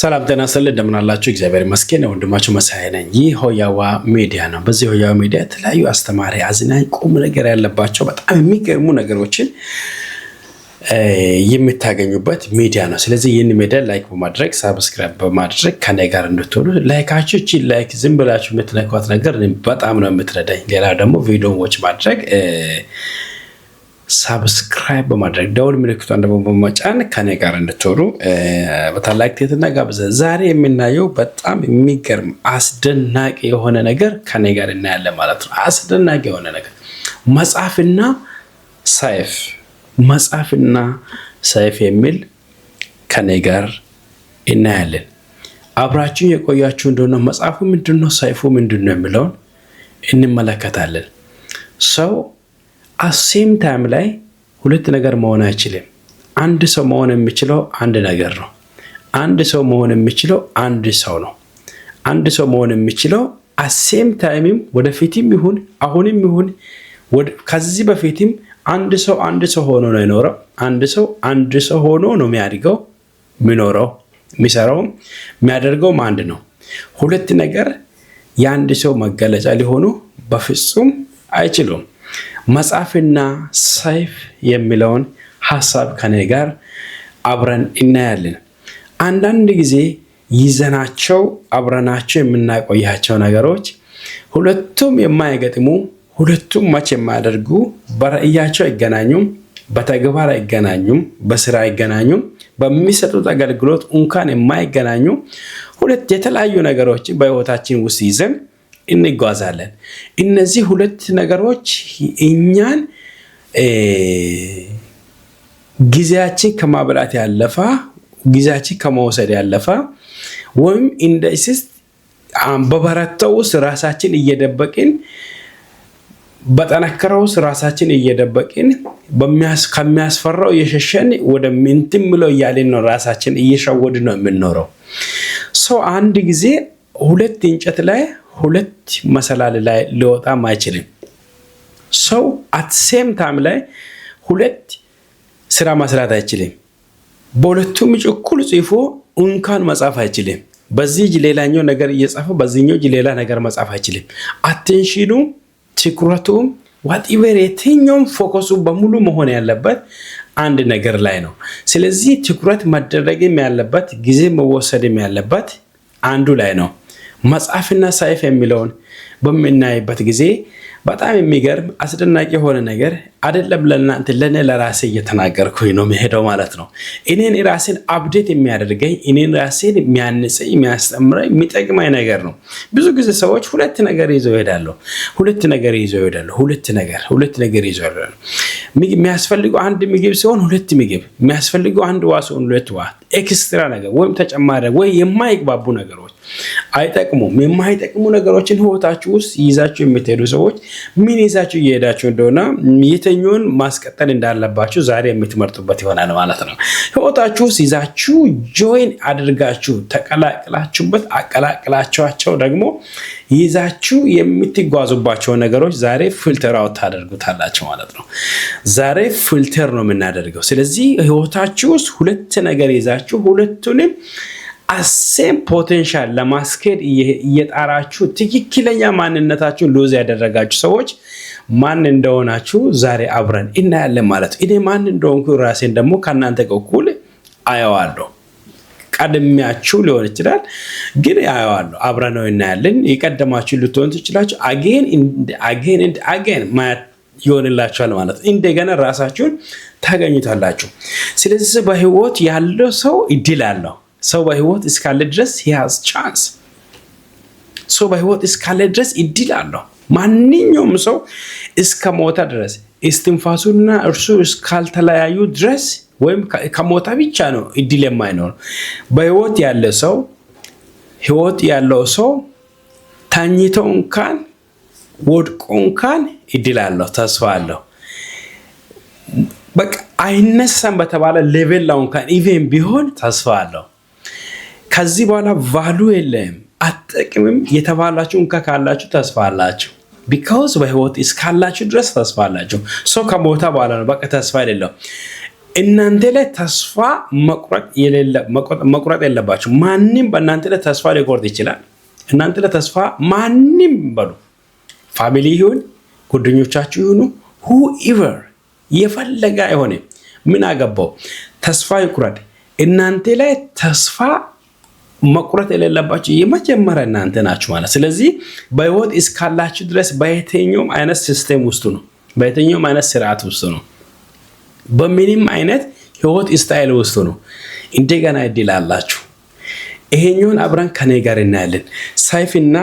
ሰላም ጤና ስል እንደምናላችሁ እግዚአብሔር ይመስገን። ወንድማችሁ መሳይ ነኝ። ይህ ሆያዋ ሚዲያ ነው። በዚህ ሆያዋ ሚዲያ የተለያዩ አስተማሪ፣ አዝናኝ፣ ቁም ነገር ያለባቸው በጣም የሚገርሙ ነገሮችን የምታገኙበት ሚዲያ ነው። ስለዚህ ይህን ሚዲያ ላይክ በማድረግ ሳብስክራይብ በማድረግ ከኔ ጋር እንድትሆኑ ላይካችሁ ቺ ላይክ ዝም ብላችሁ የምትነኳት ነገር በጣም ነው የምትረዳኝ። ሌላ ደግሞ ቪዲዮ ዎች ማድረግ ሳብስክራይብ በማድረግ ደውል ምልክቷን ደግሞ በመጫን ከኔ ጋር እንድትሆኑ በታላቅ ትህትና ጋብዘን ዛሬ የምናየው በጣም የሚገርም አስደናቂ የሆነ ነገር ከኔ ጋር እናያለን ማለት ነው። አስደናቂ የሆነ ነገር መጽሐፍና ሰይፍ፣ መጽሐፍና ሰይፍ የሚል ከኔ ጋር እናያለን። አብራችሁን የቆያችሁ እንደሆነ መጽሐፉ ምንድነው፣ ሰይፉ ምንድነው የሚለውን እንመለከታለን ሰው አሴም ታይም ላይ ሁለት ነገር መሆን አይችልም። አንድ ሰው መሆን የሚችለው አንድ ነገር ነው። አንድ ሰው መሆን የሚችለው አንድ ሰው ነው። አንድ ሰው መሆን የሚችለው አሴም ታይምም ወደፊትም ይሁን አሁንም ይሁን ከዚህ በፊትም አንድ ሰው አንድ ሰው ሆኖ ነው የኖረው። አንድ ሰው አንድ ሰው ሆኖ ነው የሚያድገው፣ የሚኖረው፣ የሚሰራውም የሚያደርገውም አንድ ነው። ሁለት ነገር የአንድ ሰው መገለጫ ሊሆኑ በፍጹም አይችሉም። መጽሐፍና ሰይፍ የሚለውን ሀሳብ ከኔ ጋር አብረን እናያለን። አንዳንድ ጊዜ ይዘናቸው አብረናቸው የምናቆያቸው ነገሮች ሁለቱም የማይገጥሙ ሁለቱም መች የማያደርጉ በራእያቸው አይገናኙም፣ በተግባር አይገናኙም፣ በስራ አይገናኙም፣ በሚሰጡት አገልግሎት እንኳን የማይገናኙ ሁለት የተለያዩ ነገሮችን በህይወታችን ውስጥ ይዘን እንጓዛለን። እነዚህ ሁለት ነገሮች እኛን ጊዜያችን ከማብላት ያለፋ ጊዜያችን ከመውሰድ ያለፋ ወይም እንደ እስስት በበረታው ውስጥ ራሳችን እየደበቅን በጠነከረው ውስጥ ራሳችን እየደበቅን ከሚያስፈራው እየሸሸን ወደ ምንትን ብለው እያልን ነው ራሳችን እየሸወድ ነው የምንኖረው። ሰው አንድ ጊዜ ሁለት እንጨት ላይ ሁለት መሰላል ላይ ሊወጣም አይችልም። ሰው አትሴም ታም ላይ ሁለት ስራ መስራት አይችልም። በሁለቱም እጅ እኩል ጽፎ እንኳን መጻፍ አይችልም። በዚህ እጅ ሌላኛው ነገር እየጻፈ በዚህኛው እጅ ሌላ ነገር መጻፍ አይችልም። አቴንሽኑ ትኩረቱም ዋትቨር የትኛውም ፎከሱ በሙሉ መሆን ያለበት አንድ ነገር ላይ ነው። ስለዚህ ትኩረት መደረግም ያለበት ጊዜ መወሰድም ያለበት አንዱ ላይ ነው። መጽሐፍና ሰይፍ የሚለውን በምናይበት ጊዜ በጣም የሚገርም አስደናቂ የሆነ ነገር አደለም። ለእናንተ ለእኔ ለራሴ እየተናገርኩኝ ነው የሚሄደው ማለት ነው። እኔን ራሴን አብዴት የሚያደርገኝ እኔን ራሴን የሚያንጸኝ፣ የሚያስተምረኝ፣ የሚጠቅመኝ ነገር ነው። ብዙ ጊዜ ሰዎች ሁለት ነገር ይዘው ይሄዳሉ። ሁለት ነገር ይዘው ይሄዳሉ። ሁለት ነገር ሁለት ነገር ይዘው ይሄዳሉ። የሚያስፈልገው አንድ ምግብ ሲሆን ሁለት ምግብ የሚያስፈልገው አንድ ዋ ሲሆን ሁለት ዋ ኤክስትራ ነገር ወይም ተጨማሪ ወይ የማይግባቡ ነገሮች አይጠቅሙም። የማይጠቅሙ ነገሮችን ህይወታችሁ ውስጥ ይዛችሁ የምትሄዱ ሰዎች ምን ይዛችሁ እየሄዳችሁ እንደሆነ የተኛውን ማስቀጠል እንዳለባችሁ ዛሬ የምትመርጡበት ይሆናል ማለት ነው። ህይወታችሁ ውስጥ ይዛችሁ ጆይን አድርጋችሁ ተቀላቅላችሁበት አቀላቅላችኋቸው ደግሞ ይዛችሁ የምትጓዙባቸው ነገሮች ዛሬ ፊልተር አውት ታደርጉታላቸው ማለት ነው። ዛሬ ፊልተር ነው የምናደርገው። ስለዚህ ህይወታችሁ ውስጥ ሁለት ነገር ይዛችሁ ሁለቱንም አሴም ፖቴንሻል ለማስኬድ እየጣራችሁ ትክክለኛ ማንነታችሁን ሎዝ ያደረጋችሁ ሰዎች ማን እንደሆናችሁ ዛሬ አብረን እናያለን ማለት ነው። እኔ ማን እንደሆንኩ ራሴን ደግሞ ከእናንተ በኩል አየዋለሁ። ቀድሚያችሁ ሊሆን ይችላል፣ ግን አየዋለሁ። ነው እናያለን። የቀደማችሁ ልትሆን ትችላችሁ። አጌን አጌን እንድ አጌን ማየት ይሆንላችኋል ማለት ነው። እንደገና ራሳችሁን ታገኙታላችሁ። ስለዚህ በህይወት ያለው ሰው እድል አለው። ሰው በህይወት እስካለ ድረስ ሂያዝ ቻንስ። ሰው በህይወት እስካለ ድረስ እድል አለው። ማንኛውም ሰው እስከ ሞታ ድረስ እስትንፋሱና እርሱ እስካልተለያዩ ድረስ ወይም ከሞታ ብቻ ነው እድል የማይኖር። በህይወት ያለ ሰው ህይወት ያለው ሰው ታኝቶ እንኳን ወድቆ እንኳን እድል አለው፣ ተስፋ አለው። በቃ አይነሳም በተባለ ሌቬል ላይ እንኳን ኢቨን ቢሆን ተስፋ አለው። ከዚህ በኋላ ቫሉ የለም አጠቅምም የተባላችሁ እንካ ካላችሁ ተስፋ አላችሁ። ቢካውስ በህይወት እስካላችሁ ድረስ ተስፋ አላችሁ። ሰው ከሞታ በኋላ ነው በቃ ተስፋ የሌለው እናንተ ላይ ተስፋ መቁረጥ የለባችሁ። ማንም በእናንተ ላይ ተስፋ ሊቆርጥ ይችላል። እናንተ ላይ ተስፋ ማንም በሉ ፋሚሊ ይሁን ጓደኞቻችሁ ይሁኑ ሁኢቨር የፈለገ አይሆንም። ምን አገባው? ተስፋ ይቁረጥ። እናንተ ላይ ተስፋ መቁረጥ የሌለባቸው የመጀመሪያ እናንተ ናችሁ ማለት። ስለዚህ በህይወት እስካላችሁ ድረስ በየትኛውም አይነት ሲስተም ውስጥ ነው፣ በየትኛውም አይነት ስርዓት ውስጥ ነው፣ በምንም አይነት ህይወት ስታይል ውስጥ ነው። እንደገና እድል አላችሁ። ይሄኛውን አብረን ከኔ ጋር እናያለን። ሰይፍና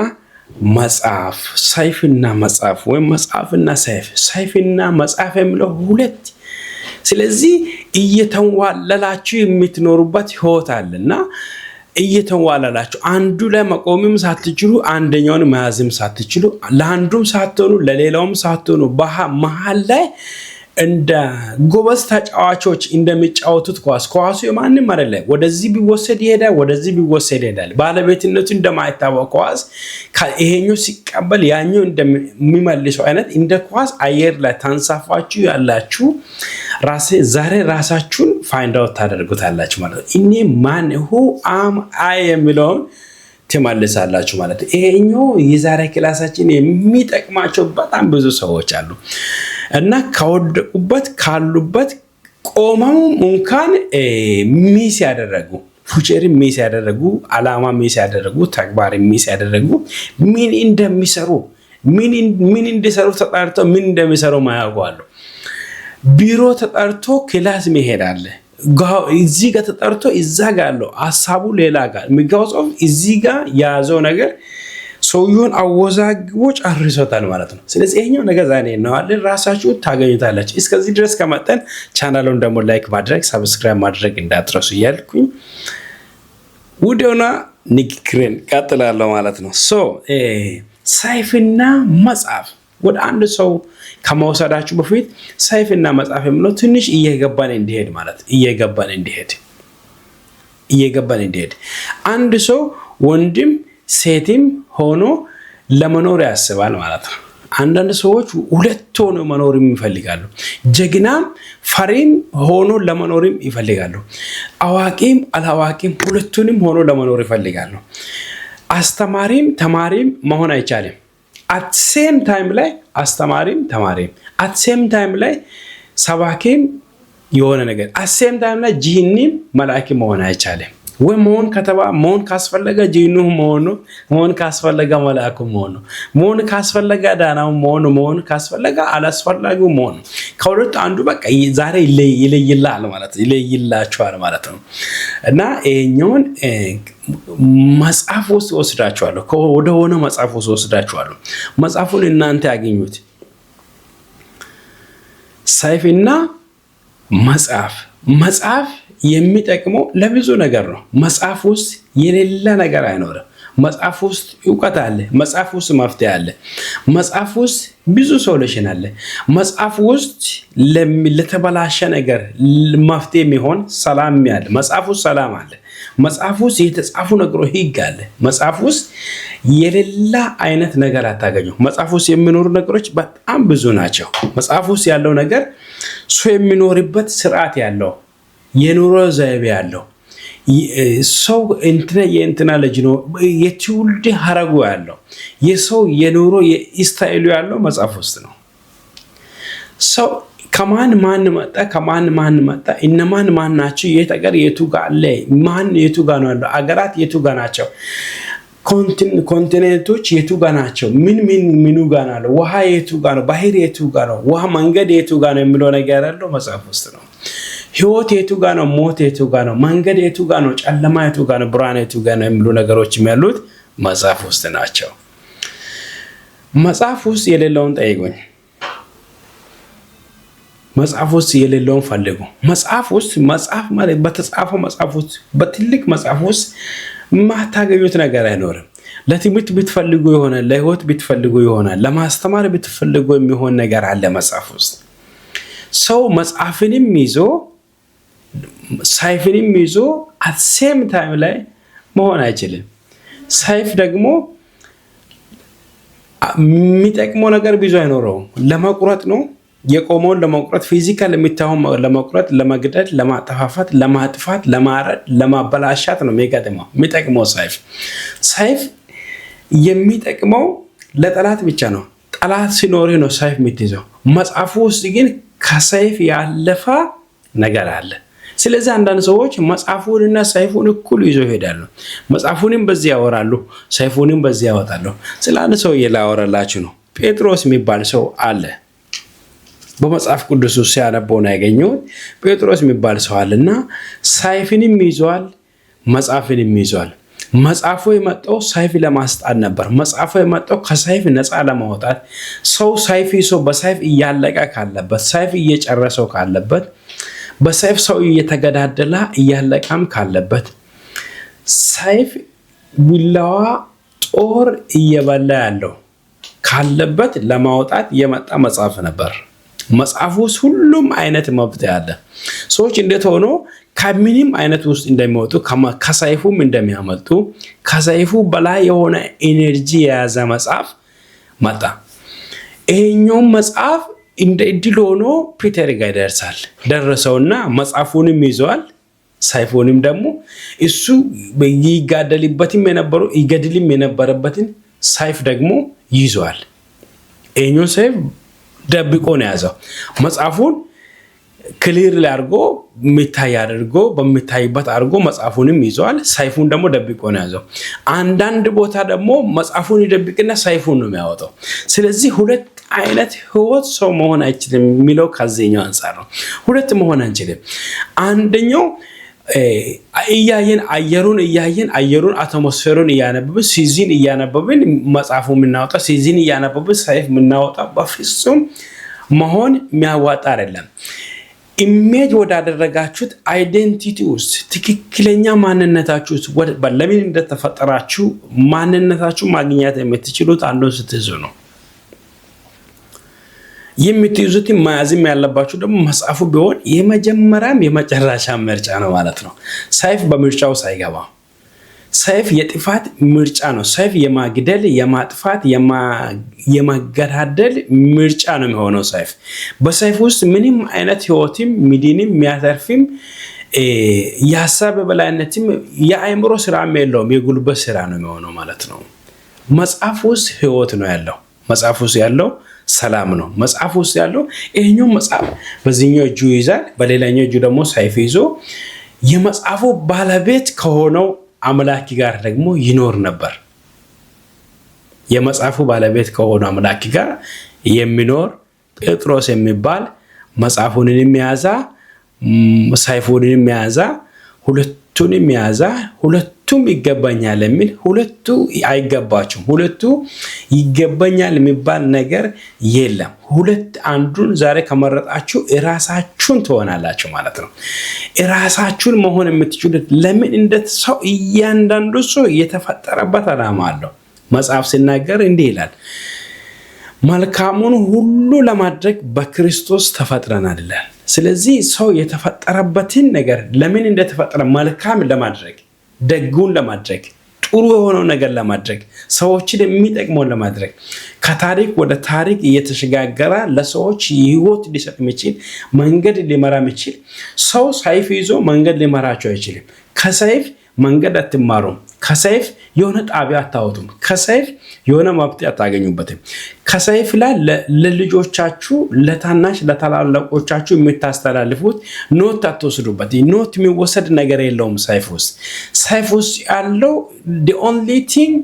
መጽሐፍ፣ ሰይፍና መጽሐፍ ወይም መጽሐፍና ሰይፍ፣ ሰይፍና መጽሐፍ የሚለው ሁለት ስለዚህ እየተንዋለላችሁ የምትኖሩበት ህይወት አለና እየተዋላላችሁ አንዱ ላይ መቆምም ሳትችሉ አንደኛውን መያዝም ሳትችሉ ለአንዱም ሳትሆኑ ለሌላውም ሳትሆኑ መሀል ላይ እንደ ጎበዝ ተጫዋቾች እንደሚጫወቱት ኳስ ኳሱ የማንም አደለ። ወደዚህ ቢወሰድ ይሄዳል፣ ወደዚህ ቢወሰድ ይሄዳል። ባለቤትነቱ እንደማይታወቅ ኳስ ይሄኛው ሲቀበል ያኛው እንደሚመልሰው አይነት እንደ ኳስ አየር ላይ ታንሳፋችሁ ያላችሁ ዛሬ ራሳችሁን ፋይንድ አውት ታደርጉታላችሁ ማለት ነው። እኔ ማን ሁ አም አይ የሚለውን ትመልሳላችሁ ማለት ነው። ይሄኛው የዛሬ ክላሳችን የሚጠቅማቸው በጣም ብዙ ሰዎች አሉ እና ከወደቁበት ካሉበት ቆመው እንኳን ሚስ ያደረጉ ፉቸር ሚስ ያደረጉ አላማ ሚስ ያደረጉ ተግባር ሚስ ያደረጉ ምን እንደሚሰሩ ምን እንዲሰሩ ተጣርተው ምን እንደሚሰሩ ማያውቁ አሉ። ቢሮ ተጠርቶ ክላስ መሄድ አለ። እዚህ ጋር ተጠርቶ እዛ ጋ አለው ሀሳቡ ሌላ ጋር የሚጋወጽ እዚህ ጋ የያዘው ነገር ሰውየውን አወዛግቦ ጨርሶታል ማለት ነው። ስለዚህ ይሄኛው ነገር ዛሬ እናዋለን፣ ራሳችሁ ታገኙታላችሁ። እስከዚህ ድረስ ከመጠን ቻናሉን ደግሞ ላይክ ማድረግ ሰብስክራይብ ማድረግ እንዳትረሱ እያልኩኝ ውደውና ንግግሬን ቀጥላለሁ ማለት ነው። ሶ ሰይፍና መጽሐፍ ወደ አንድ ሰው ከመውሰዳችሁ በፊት ሰይፍና መጽሐፍ የምለው ትንሽ እየገባን እንዲሄድ ማለት እየገባን እንዲሄድ እየገባን እንዲሄድ አንድ ሰው ወንድም ሴትም ሆኖ ለመኖር ያስባል ማለት ነው። አንዳንድ ሰዎች ሁለት ሆኖ መኖርም ይፈልጋሉ። ጀግናም ፈሪም ሆኖ ለመኖርም ይፈልጋሉ። አዋቂም አላዋቂም ሁለቱንም ሆኖ ለመኖር ይፈልጋሉ። አስተማሪም ተማሪም መሆን አይቻልም። አትሴም ታይም ላይ አስተማሪም ተማሪም አትሴም ታይም ላይ ሰባኪም የሆነ ነገር አትሴም ታይም ላይ ጂህኒም መላእክ መሆን አይቻልም። ወይ መሆን ከተባ መሆን ካስፈለገ ጂኑ መሆኑ መሆን ካስፈለገ መላእኩ መሆኑ መሆን ካስፈለገ ዳናው መሆኑ መሆን ካስፈለገ አላስፈላጊው መሆኑ ከሁለቱ አንዱ በቃ ዛሬ ይለይላል ማለት ይለይላችኋል ማለት ነው። እና ይሄኛውን መጽሐፍ ውስጥ ወስዳችኋለሁ፣ ወደሆነ መጽሐፍ ውስጥ ወስዳችኋለሁ። መጽሐፉን እናንተ ያገኙት ሰይፍና መጽሐፍ መጽሐፍ የሚጠቅመው ለብዙ ነገር ነው። መጽሐፍ ውስጥ የሌለ ነገር አይኖርም። መጽሐፍ ውስጥ እውቀት አለ። መጽሐፍ ውስጥ መፍትሄ አለ። መጽሐፍ ውስጥ ብዙ ሶሉሽን አለ። መጽሐፍ ውስጥ ለተበላሸ ነገር መፍትሄ የሚሆን ሰላም ያለ መጽሐፍ ውስጥ ሰላም አለ። መጽሐፍ ውስጥ የተጻፉ ነገሮች ህግ አለ። መጽሐፍ ውስጥ የሌላ አይነት ነገር አታገኙ። መጽሐፍ ውስጥ የሚኖሩ ነገሮች በጣም ብዙ ናቸው። መጽሐፍ ውስጥ ያለው ነገር ሰው የሚኖርበት ስርዓት ያለው የኑሮ ዘይቤ ያለው ሰው እንትና የእንትና ልጅ ነው የትውልድ ሀረጉ ያለው የሰው የኑሮ የስታይሉ ያለው መጽሐፍ ውስጥ ነው። ሰው ከማን ማን መጣ፣ ከማን ማን መጣ፣ እነማን ማን ናቸው፣ የት ሀገር የቱ ጋ አለ፣ ማን የቱ ጋ ነው ያለው፣ አገራት የቱ ጋ ናቸው፣ ኮንቲኔንቶች የቱ ጋ ናቸው፣ ምን ምን ምኑ ጋ ነው ውሃ የቱ ጋ ነው፣ ባህር የቱ ጋ ነው፣ ውሃ መንገድ የቱ ጋ ነው የሚለው ነገር ያለው መጽሐፍ ውስጥ ነው። ህይወት የቱ ጋ ነው? ሞት የቱ ጋ ነው? መንገድ የቱ ጋ ነው? ጨለማ የቱ ጋ ነው? ብርሃን የቱ ጋ ነው? የሚሉ ነገሮችም ያሉት መጽሐፍ ውስጥ ናቸው። መጽሐፍ ውስጥ የሌለውን ጠይቁኝ። መጽሐፍ ውስጥ የሌለውን ፈልጉ። መጽሐፍ ውስጥ መጽሐፍ ማለት በተጻፈው መጽሐፍ ውስጥ በትልቅ መጽሐፍ ውስጥ የማታገኙት ነገር አይኖርም። ለትምህርት ብትፈልጉ ይሆናል፣ ለህይወት ብትፈልጉ ይሆናል፣ ለማስተማር ብትፈልጉ የሚሆን ነገር አለ መጽሐፍ ውስጥ። ሰው መጽሐፍንም ይዞ ሳይፍንም ይዞ አሴም ታይም ላይ መሆን አይችልም። ሳይፍ ደግሞ የሚጠቅመው ነገር ብዙ አይኖረውም። ለመቁረጥ ነው የቆመውን ለመቁረጥ ፊዚካል የሚታየውን ለመቁረጥ፣ ለመግደል፣ ለማጠፋፋት፣ ለማጥፋት፣ ለማረድ፣ ለማበላሻት ነው የሚገጥመው የሚጠቅመው ሳይፍ። ሳይፍ የሚጠቅመው ለጠላት ብቻ ነው። ጠላት ሲኖርህ ነው ሳይፍ የምትይዘው። መጽሐፉ ውስጥ ግን ከሳይፍ ያለፈ ነገር አለ። ስለዚህ አንዳንድ ሰዎች መጽሐፉንና ሰይፉን እኩል ይዞ ይሄዳሉ። መጽሐፉንም በዚህ ያወራሉ፣ ሰይፉንም በዚህ ያወጣሉ። ስለ አንድ ሰው ላወራላችሁ ነው። ጴጥሮስ የሚባል ሰው አለ። በመጽሐፍ ቅዱስ ውስጥ ሲያነበውን ያገኘሁት ጴጥሮስ የሚባል ሰው እና ሰይፍንም ይዟል፣ መጽሐፍንም ይዟል። መጽሐፉ የመጣው ሰይፍ ለማስጣት ነበር። መጽሐፉ የመጣው ከሰይፍ ነፃ ለማውጣት ሰው ሰይፍ ይዞ በሰይፍ እያለቀ ካለበት ሰይፍ እየጨረሰው ካለበት በሰይፍ ሰው እየተገዳደለ እያለቀም ካለበት ሰይፍ፣ ቢላዋ፣ ጦር እየበላ ያለው ካለበት ለማውጣት የመጣ መጽሐፍ ነበር። መጽሐፍ ውስጥ ሁሉም አይነት መብት ያለ ሰዎች እንዴት ሆኖ ከምንም አይነት ውስጥ እንደሚወጡ ከሰይፉም እንደሚያመልጡ ከሰይፉ በላይ የሆነ ኤነርጂ የያዘ መጽሐፍ መጣ። ይሄኛውም መጽሐፍ እንደ እድል ሆኖ ፒተር ጋር ይደርሳል። ደረሰውና መጽሐፉንም ይዘዋል። ሳይፎንም ደግሞ እሱ ይጋደልበትም የነበሩ ይገድልም የነበረበትን ሳይፍ ደግሞ ይዘዋል። ይህኛውን ሳይፍ ደብቆ ነው የያዘው። መጽሐፉን ክሊር ላይ አድርጎ የሚታይ አድርጎ በሚታይበት አድርጎ መጽሐፉንም ይዘዋል። ሳይፉን ደግሞ ደብቆ ነው የያዘው። አንዳንድ ቦታ ደግሞ መጽሐፉን ይደብቅና ሳይፉን ነው የሚያወጣው። ስለዚህ ሁለት አይነት ህይወት ሰው መሆን አይችልም የሚለው ከዚህኛው አንጻር ነው። ሁለት መሆን አንችልም። አንደኛው እያየን አየሩን እያየን አየሩን አትሞስፌሩን እያነበብን ሲዚን እያነበብን መጽሐፉ የምናወጣ ሲዚን እያነበብን ሳይፍ የምናወጣ በፍጹም መሆን የሚያዋጣ አይደለም። ኢሜጅ ወዳደረጋችሁት አይዴንቲቲ ውስጥ ትክክለኛ ማንነታችሁ ለምን እንደተፈጠራችሁ ማንነታችሁ ማግኘት የምትችሉት አንዱን ስትይዙ ነው። የምትይዙትም መያዝም ያለባችሁ ደግሞ መጽሐፉ ቢሆን የመጀመሪያም የመጨረሻ ምርጫ ነው ማለት ነው። ሰይፍ በምርጫው ሳይገባ ሰይፍ የጥፋት ምርጫ ነው። ሰይፍ የማግደል የማጥፋት፣ የማገዳደል ምርጫ ነው የሚሆነው ሰይፍ። በሰይፍ ውስጥ ምንም አይነት ህይወትም ሚድንም የሚያተርፍም የሀሳብ በላይነትም የአእምሮ ስራም የለውም። የጉልበት ስራ ነው የሚሆነው ማለት ነው። መጽሐፍ ውስጥ ህይወት ነው ያለው። መጽሐፍ ውስጥ ያለው ሰላም ነው። መጽሐፍ ውስጥ ያለው ይሄኛው መጽሐፍ በዚህኛው እጁ ይዛል፣ በሌላኛው እጁ ደግሞ ሰይፍ ይዞ የመጽሐፉ ባለቤት ከሆነው አምላኪ ጋር ደግሞ ይኖር ነበር። የመጽሐፉ ባለቤት ከሆነው አምላኪ ጋር የሚኖር ጴጥሮስ የሚባል መጽሐፉንም የያዛ ሰይፉንም የያዛ ሁለቱንም የያዛ ሁለቱ ሁለቱም ይገባኛል የሚል ሁለቱ አይገባቸውም። ሁለቱ ይገባኛል የሚባል ነገር የለም። ሁለት አንዱን ዛሬ ከመረጣችሁ እራሳችሁን ትሆናላችሁ ማለት ነው። እራሳችሁን መሆን የምትችሉት ለምን? እንደት ሰው እያንዳንዱ ሰው የተፈጠረበት አላማ አለው። መጽሐፍ ሲናገር እንዲህ ይላል መልካሙን ሁሉ ለማድረግ በክርስቶስ ተፈጥረናል ይላል። ስለዚህ ሰው የተፈጠረበትን ነገር ለምን እንደተፈጠረ መልካም ለማድረግ ደጉን ለማድረግ ጥሩ የሆነው ነገር ለማድረግ ሰዎችን የሚጠቅመውን ለማድረግ ከታሪክ ወደ ታሪክ እየተሸጋገረ ለሰዎች ህይወት ሊሰጥ የሚችል መንገድ ሊመራ የሚችል ሰው ሰይፍ ይዞ መንገድ ሊመራቸው አይችልም። ከሰይፍ መንገድ አትማሩም። ከሰይፍ የሆነ ጣቢያ አታወጡም። ከሰይፍ የሆነ መብት አታገኙበትም። ከሰይፍ ላይ ለልጆቻችሁ፣ ለታናሽ ለታላላቆቻችሁ የምታስተላልፉት ኖት አትወስዱበት። ኖት የሚወሰድ ነገር የለውም ሰይፍ ውስጥ። ሰይፍ ውስጥ ያለው ኦንሊ ቲንግ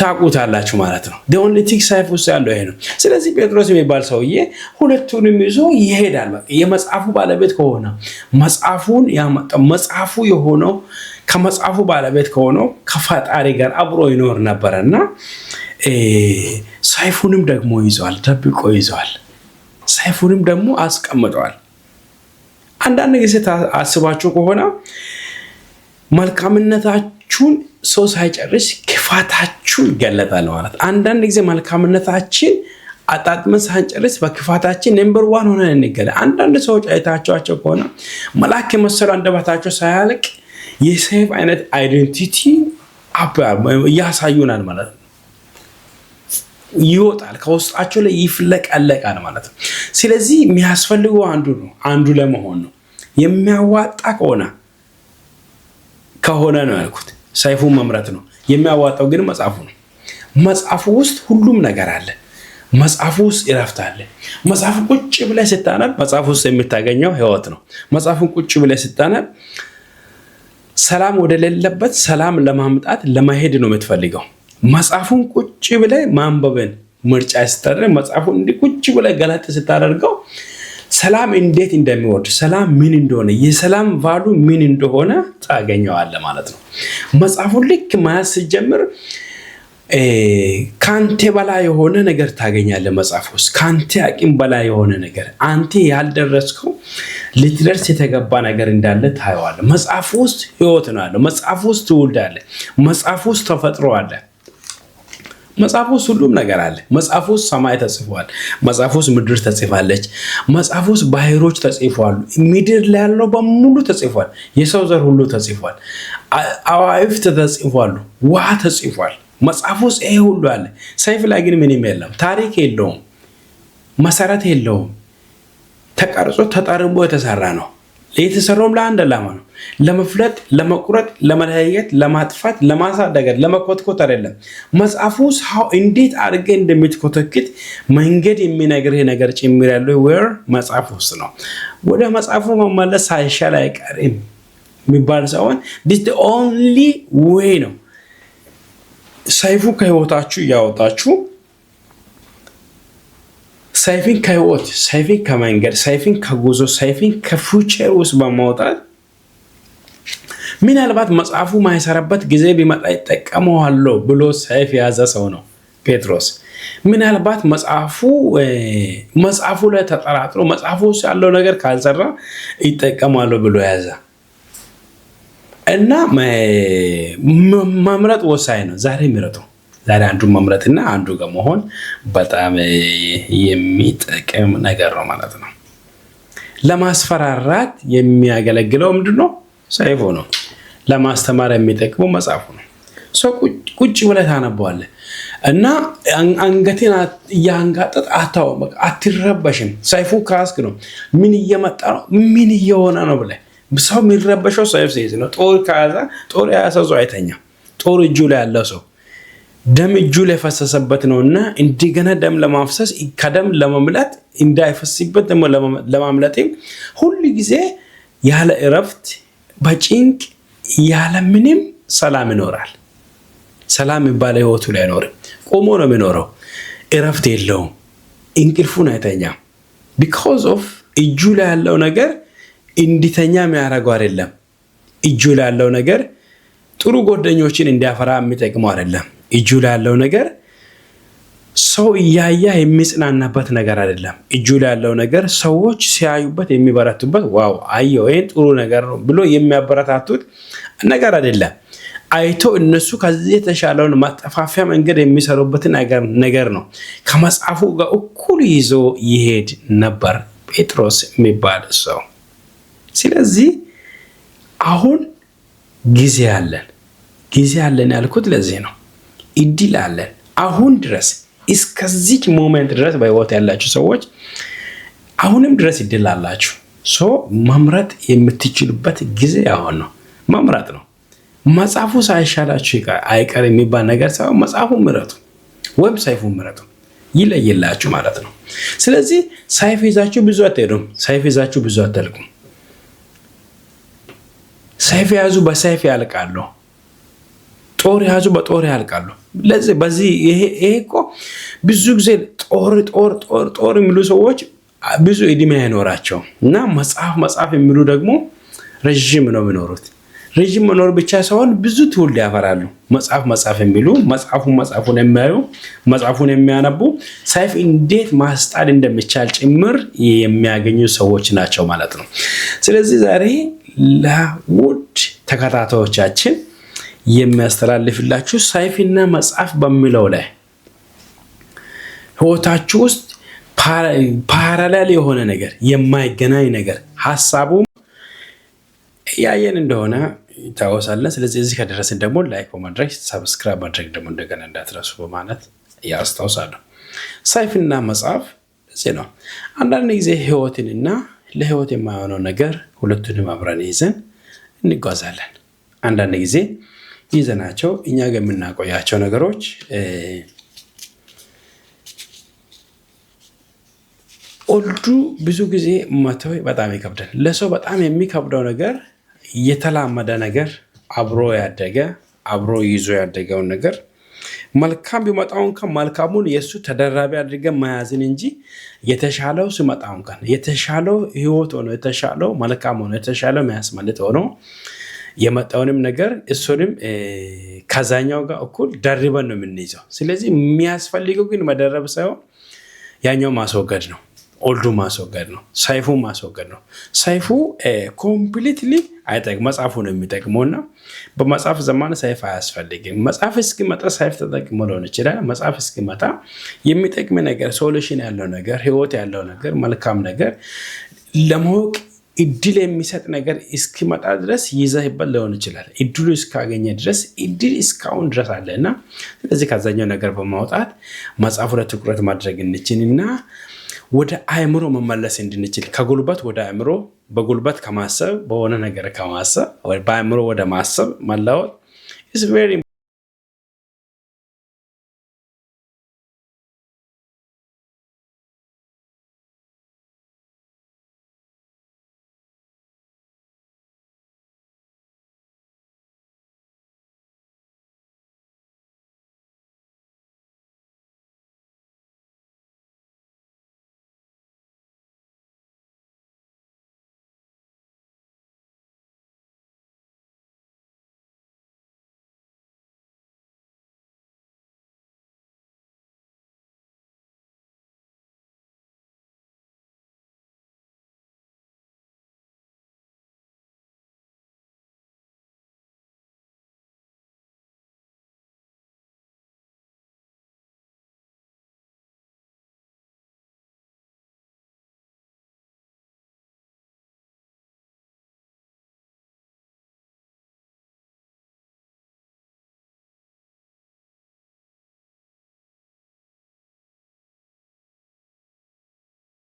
ታቁታላችሁ ማለት ነው። ኦንሊቲክ ሳይፍ ውስጥ ያለው ይሄ ነው። ስለዚህ ጴጥሮስ የሚባል ሰውዬ ሁለቱንም ይዞ ይሄዳል። የመጽሐፉ ባለቤት ከሆነ መጽሐፉን ያመጣው መጽሐፉ የሆነው ከመጽሐፉ ባለቤት ከሆነው ከፈጣሪ ጋር አብሮ ይኖር ነበረ እና ሰይፉንም ደግሞ ይዘዋል፣ ደብቆ ይዘዋል። ሰይፉንም ደግሞ አስቀምጠዋል። አንዳንድ ጊዜ አስባችሁ ከሆነ መልካምነታችሁን ሰው ሳይጨርስ ክፋታችሁ ይገለጣል ማለት። አንዳንድ ጊዜ መልካምነታችን አጣጥመን ሳንጨርስ በክፋታችን ነምበር ዋን ሆነን እንገለ አንዳንድ ሰዎች አይታችኋቸው ከሆነ መልአክ የመሰሉ አንደበታቸው ሳያልቅ የሰይፍ አይነት አይደንቲቲ እያሳዩናል ማለት ነው። ይወጣል ከውስጣቸው ላይ ይፍለቀለቃል ማለት ነው። ስለዚህ የሚያስፈልገው አንዱ ነው አንዱ ለመሆን ነው የሚያዋጣ ከሆነ ከሆነ ነው ያልኩት ሰይፉን መምረት ነው የሚያዋጣው ግን መጽሐፉ ነው። መጽሐፉ ውስጥ ሁሉም ነገር አለ። መጽሐፉ ውስጥ ይረፍት አለ። ቁጭ ብለህ ስታነብ መጽሐፍ ውስጥ የምታገኘው ህይወት ነው። መጽሐፉን ቁጭ ብለህ ስታነብ ሰላም ወደሌለበት ሰላም ለማምጣት ለመሄድ ነው የምትፈልገው። መጽሐፉን ቁጭ ብለ ማንበብን ምርጫ ስታደርግ መጽሐፉን እንዲህ ቁጭ ብለ ገለጥ ስታደርገው ሰላም እንዴት እንደሚወርድ ሰላም ምን እንደሆነ የሰላም ቫሉ ምን እንደሆነ ታገኘዋለ ማለት ነው። መጽሐፉን ልክ መያዝ ስትጀምር ከአንተ በላይ የሆነ ነገር ታገኛለህ። መጽሐፍ ውስጥ ከአንተ አቅም በላይ የሆነ ነገር አንተ ያልደረስከው ልትደርስ የተገባ ነገር እንዳለ ታየዋለህ። መጽሐፍ ውስጥ ህይወት ነው ያለው። መጽሐፍ ውስጥ አለ። መጽሐፍ ውስጥ ተፈጥሮ አለ። መጽሐፍ ውስጥ ሁሉም ነገር አለ። መጽሐፍ ውስጥ ሰማይ ተጽፏል። መጽሐፍ ውስጥ ምድር ተጽፋለች። መጽሐፍ ውስጥ ባህሮች ተጽፏሉ። ምድር ላይ ያለው በሙሉ ተጽፏል። የሰው ዘር ሁሉ ተጽፏል። አዋዕፍት ተጽፏሉ። ውሃ ተጽፏል። መጽሐፍ ውስጥ ይሄ ሁሉ አለ። ሰይፍ ላይ ግን ምንም የለም። ታሪክ የለውም፣ መሰረት የለውም። ተቀርጾ ተጠርቦ የተሰራ ነው። የተሰራውም ለአንድ ዓላማ ነው፣ ለመፍለጥ፣ ለመቁረጥ፣ ለመለያየት፣ ለማጥፋት፣ ለማሳደገር፣ ለመኮትኮት አይደለም። መጽሐፍ መጽሐፉ እንዴት አድርገ እንደምትኮተክት መንገድ የሚነግርህ ነገር ጭምር ያለው ወር መጽሐፍ ውስጥ ነው። ወደ መጽሐፉ መመለስ ሳይሻል አይቀርም የሚባል ሳይሆን ኦንሊ ዌይ ነው ሰይፉ ከህይወታችሁ እያወጣችሁ ሰይፍን ከህይወት ሰይፍን ከመንገድ ሰይፍን ከጉዞ ሰይፍን ከፊውቸር ውስጥ በማውጣት ምናልባት መጽሐፉ ማይሰራበት ጊዜ ቢመጣ ይጠቀመዋለሁ ብሎ ሰይፍ የያዘ ሰው ነው ጴጥሮስ። ምናልባት መጽሐፉ መጽሐፉ ላይ ተጠራጥሮ መጽሐፉ ውስጥ ያለው ነገር ካልሰራ ይጠቀማለሁ ብሎ የያዘ እና መምረጥ ወሳኝ ነው። ዛሬ ምረጡ። ዛሬ አንዱ መምረጥና አንዱ ጋር መሆን በጣም የሚጠቅም ነገር ነው ማለት ነው። ለማስፈራራት የሚያገለግለው ምንድን ነው? ሰይፉ ነው። ለማስተማር የሚጠቅመው መጽሐፉ ነው። ሰው ቁጭ ብለህ ታነበዋለህ እና አንገቴን እያንጋጠጥ አታወቅ፣ አትረበሽም። ሰይፉ ካስክ ነው። ምን እየመጣ ነው? ምን እየሆነ ነው ብለህ ሰው የሚረበሸው ሰይፍ ሲይዝ ነው። ጦር ከያዘ ጦር የያዘ ሰው አይተኛም። ጦር እጁ ላይ ያለው ሰው ደም እጁ ላይ የፈሰሰበት ነው እና እንደገና ደም ለማፍሰስ ከደም ለመምለጥ እንዳይፈስበት ደግሞ ለማምለጥ ሁሉ ጊዜ ያለ እረፍት በጭንቅ ያለ ምንም ሰላም ይኖራል። ሰላም የሚባለ ህይወቱ ላይ አይኖርም። ቆሞ ነው የሚኖረው። እረፍት የለውም። እንቅልፉን አይተኛም። ቢካዝ ኦፍ እጁ ላይ ያለው ነገር እንዲተኛ የሚያደርገው አይደለም። እጁ ላለው ነገር ጥሩ ጓደኞችን እንዲያፈራ የሚጠቅመው አይደለም። እጁ ላለው ነገር ሰው እያያ የሚጽናናበት ነገር አይደለም። እጁ ላለው ነገር ሰዎች ሲያዩበት የሚበረቱበት ዋው አየሁ ይህን ጥሩ ነገር ነው ብሎ የሚያበረታቱት ነገር አይደለም። አይቶ እነሱ ከዚህ የተሻለውን ማጠፋፊያ መንገድ የሚሰሩበትን ነገር ነው። ከመጽሐፉ ጋር እኩል ይዞ ይሄድ ነበር ጴጥሮስ የሚባል ሰው። ስለዚህ አሁን ጊዜ አለን። ጊዜ አለን ያልኩት ለዚህ ነው። እድል አለን። አሁን ድረስ እስከዚች ሞመንት ድረስ በህይወት ያላችሁ ሰዎች አሁንም ድረስ እድል አላችሁ። ሶ መምረጥ የምትችሉበት ጊዜ አሁን ነው። መምረጥ ነው። መጽሐፉ ሳይሻላችሁ አይቀር የሚባል ነገር ሳይሆን መጽሐፉ ምረጡ ወይም ሰይፉ ምረጡ፣ ይለይላችሁ ማለት ነው። ስለዚህ ሰይፍ ይዛችሁ ብዙ አትሄዱም። ሰይፍ ይዛችሁ ብዙ አትልቁም። ሰይፍ የያዙ በሰይፍ ያልቃሉ፣ ጦር የያዙ በጦር ያልቃሉ። ለዚህ በዚህ ይሄ እኮ ብዙ ጊዜ ጦር ጦር ጦር ጦር የሚሉ ሰዎች ብዙ እድሜ አይኖራቸውም እና መጽሐፍ መጽሐፍ የሚሉ ደግሞ ረዥም ነው የሚኖሩት። ረዥም መኖር ብቻ ሳይሆን ብዙ ትውልድ ያፈራሉ። መጽሐፍ መጽሐፍ የሚሉ መጽሐፉን መጽሐፉን የሚያዩ መጽሐፉን የሚያነቡ ሰይፍ እንዴት ማስጣል እንደሚቻል ጭምር የሚያገኙ ሰዎች ናቸው ማለት ነው። ስለዚህ ዛሬ ለውድ ተከታታዮቻችን የሚያስተላልፍላችሁ ሰይፍና መጽሐፍ በሚለው ላይ ህይወታችሁ ውስጥ ፓራላል የሆነ ነገር የማይገናኝ ነገር ሀሳቡም እያየን እንደሆነ ይታወሳለን። ስለዚህ እዚህ ከደረስን ደግሞ ላይክ በማድረግ ሰብስክራይብ ማድረግ ደግሞ እንደገና እንዳትረሱ በማለት ያስታውሳለሁ። ሰይፍና መጽሐፍ እዚህ ነው። አንዳንድ ጊዜ ህይወትንና ለህይወት የማይሆነው ነገር ሁለቱንም አብረን ይዘን እንጓዛለን። አንዳንድ ጊዜ ይዘናቸው እኛ ጋር የምናቆያቸው ነገሮች ኦልዱ ብዙ ጊዜ መተው በጣም ይከብዳል። ለሰው በጣም የሚከብደው ነገር የተላመደ ነገር አብሮ ያደገ አብሮ ይዞ ያደገውን ነገር መልካም ቢመጣው እንኳን መልካሙን የእሱ ተደራቢ አድርገን መያዝን እንጂ የተሻለው ሲመጣ እንኳን የተሻለው ህይወት ሆኖ የተሻለው መልካም ሆኖ የተሻለው ማለት ሆኖ የመጣውንም ነገር እሱንም ከዛኛው ጋር እኩል ደርበን ነው የምንይዘው። ስለዚህ የሚያስፈልገው ግን መደረብ ሳይሆን ያኛው ማስወገድ ነው። ኦልዱ ማስወገድ ነው። ሰይፉ ማስወገድ ነው። ሰይፉ ኮምፕሊትሊ አይጠቅም መጽሐፉ ነው የሚጠቅመው እና በመጽሐፍ ዘማን ሰይፍ አያስፈልግም። መጽሐፍ እስኪመጣ ሰይፍ ተጠቅሞ ሊሆን ይችላል። መጽሐፍ እስኪመጣ የሚጠቅም ነገር፣ ሶሉሽን ያለው ነገር፣ ህይወት ያለው ነገር፣ መልካም ነገር ለማወቅ እድል የሚሰጥ ነገር እስኪመጣ ድረስ ይዘህበት ሊሆን ይችላል። እድሉ እስካገኘ ድረስ እድል እስካሁን ድረስ አለ እና ስለዚህ ከዛኛው ነገር በማውጣት መጽሐፉ ላይ ትኩረት ማድረግ እንችል እና ወደ አእምሮ መመለስ እንድንችል ከጉልበት ወደ አእምሮ፣ በጉልበት ከማሰብ በሆነ ነገር ከማሰብ በአእምሮ ወደ ማሰብ መለወጥ